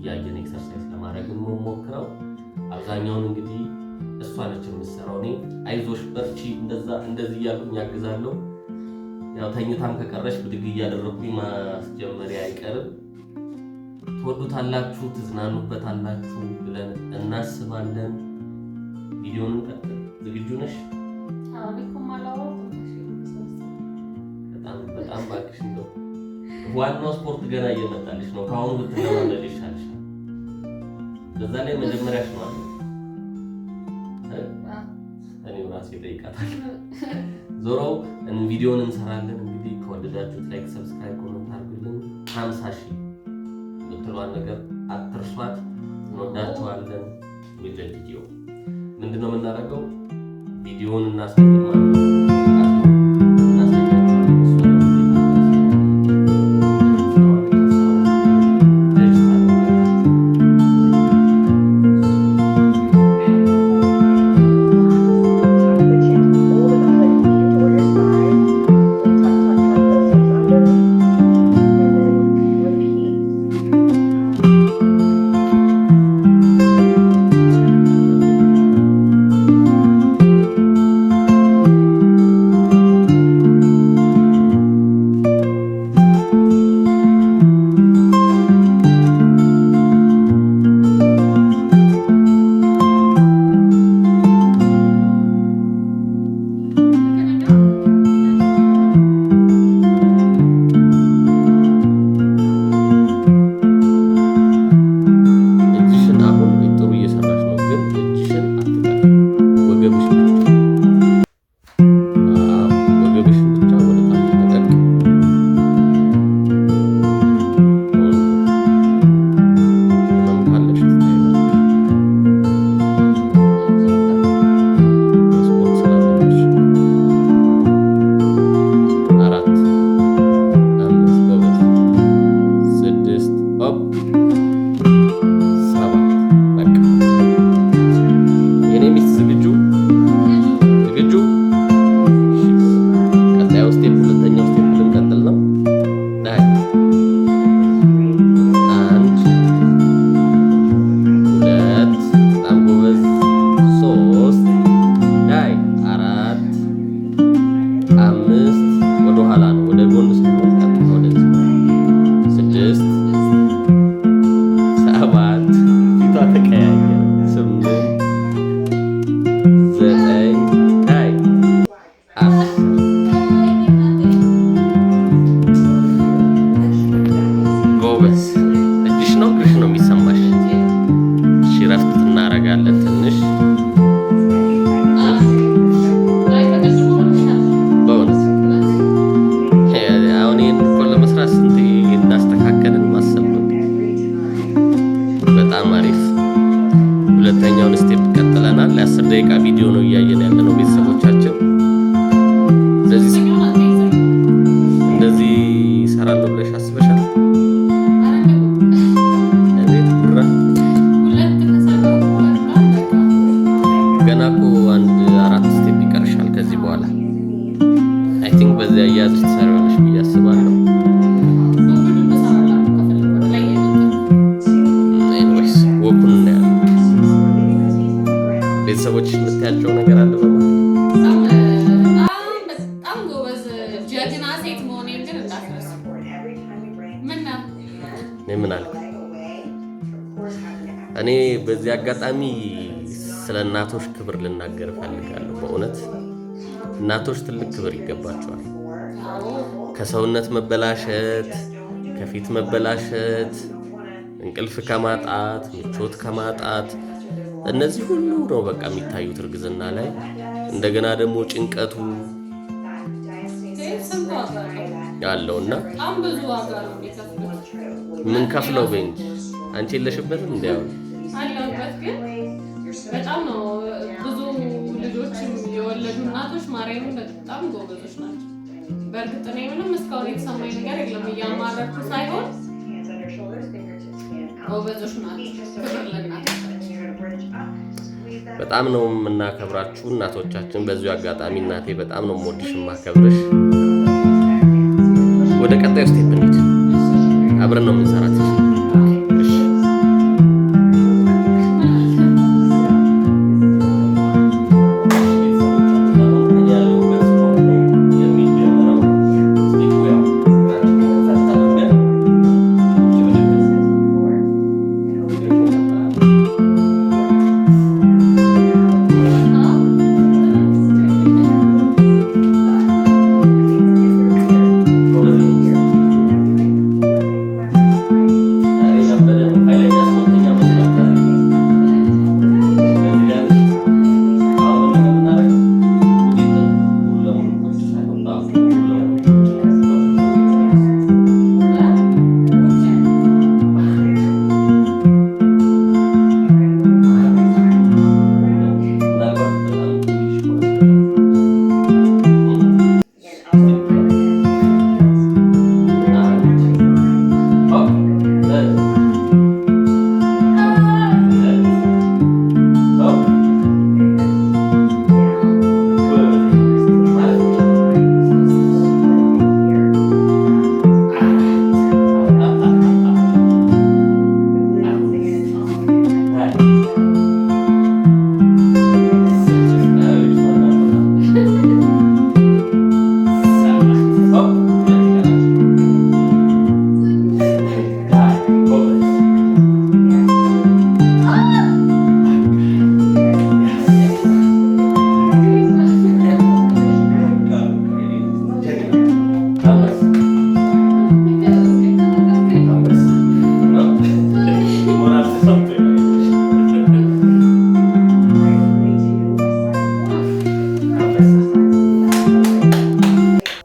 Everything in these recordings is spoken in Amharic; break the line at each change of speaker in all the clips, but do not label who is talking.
እያየን ኤክሰርሳይዝ ለማድረግ የምሞክረው አብዛኛውን እንግዲህ እሷ ነች የምትሰራው። እኔ አይዞሽ በርቺ እንደዚህ እያልኩኝ ያግዛለሁ። ያው ተኝታም ከቀረሽ ብድግ እያደረኩኝ ማስጀመሪያ አይቀርም። ትወዱታላችሁ፣ ትዝናኑበታላችሁ ብለን እናስባለን። ቪዲዮን እንቀጥል። ዝግጁ ነሽ? በጣም በጣም እባክሽ እንደው ዋናው ስፖርት ገና እየመጣልሽ ነው። ከአሁኑ ብትለማመድ ይሻልሽ። በዛ ላይ መጀመሪያሽ ነው አለ እኔ ራሴ ጠይቃታል። ዞሮ ቪዲዮን እንሰራለን። እንግዲህ ከወደዳችሁት ላይክ፣ ሰብስክራይብ፣ ኮመንት አድርጉልን። ሀምሳ ሺህ ብትሏን ነገር አትርሷት። እንወዳችኋለን። ምንድነው የምናደርገው? ቪዲዮን እናስቀድማለን። সারা লোকেশ special እኔ በዚህ አጋጣሚ ስለ እናቶች ክብር ልናገር እፈልጋለሁ። በእውነት እናቶች ትልቅ ክብር ይገባቸዋል። ከሰውነት መበላሸት፣ ከፊት መበላሸት፣ እንቅልፍ ከማጣት፣ ምቾት ከማጣት እነዚህ ሁሉ ነው በቃ የሚታዩት እርግዝና ላይ። እንደገና ደግሞ ጭንቀቱ እና ምን ከፍለው በእንጂ አንቺ የለሽበትም እንዲያው አለሁበት ግን በጣም ነው ብዙ ልጆች የወለዱ እናቶች ማርያምን በጣም ጎበዞች ናቸው። በእርግጥ እኔ ምንም እስካሁን የተሰማኝ ነገር የለም። እያማረርኩ ሳይሆን ጎበዞች ናቸው። ክብር ለእናቶቻችን። በጣም ነው የምናከብራችሁ እናቶቻችን። በዚሁ አጋጣሚ እናቴ በጣም ነው የምወድሽ የማከብርሽ። ወደ ቀጣዩ ስቴፕ እንሂድ። አብረን ነው የምንሰራት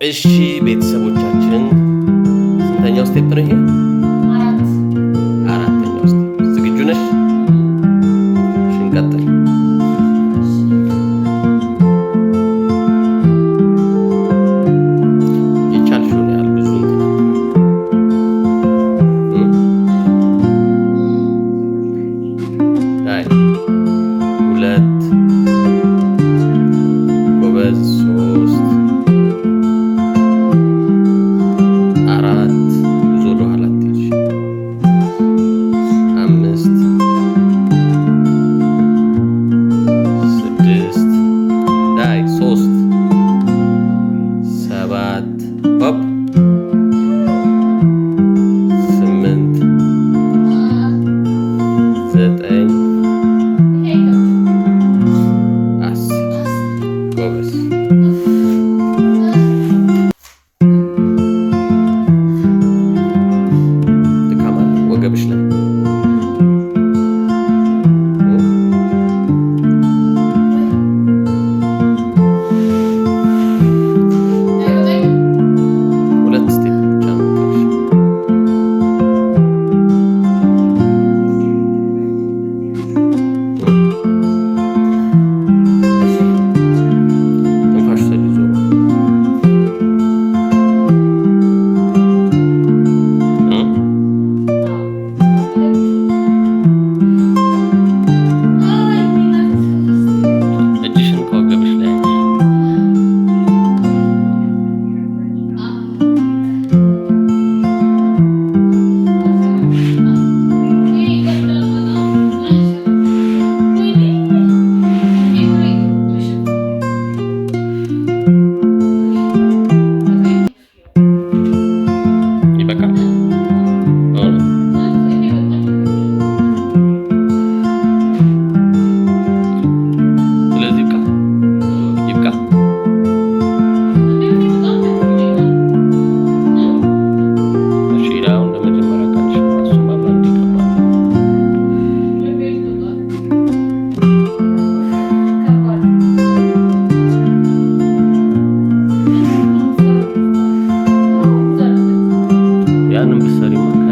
እሺ ቤተሰቦቻችን ስንተኛው ስቴፕ ነው ይሄ? ano, professor Imar.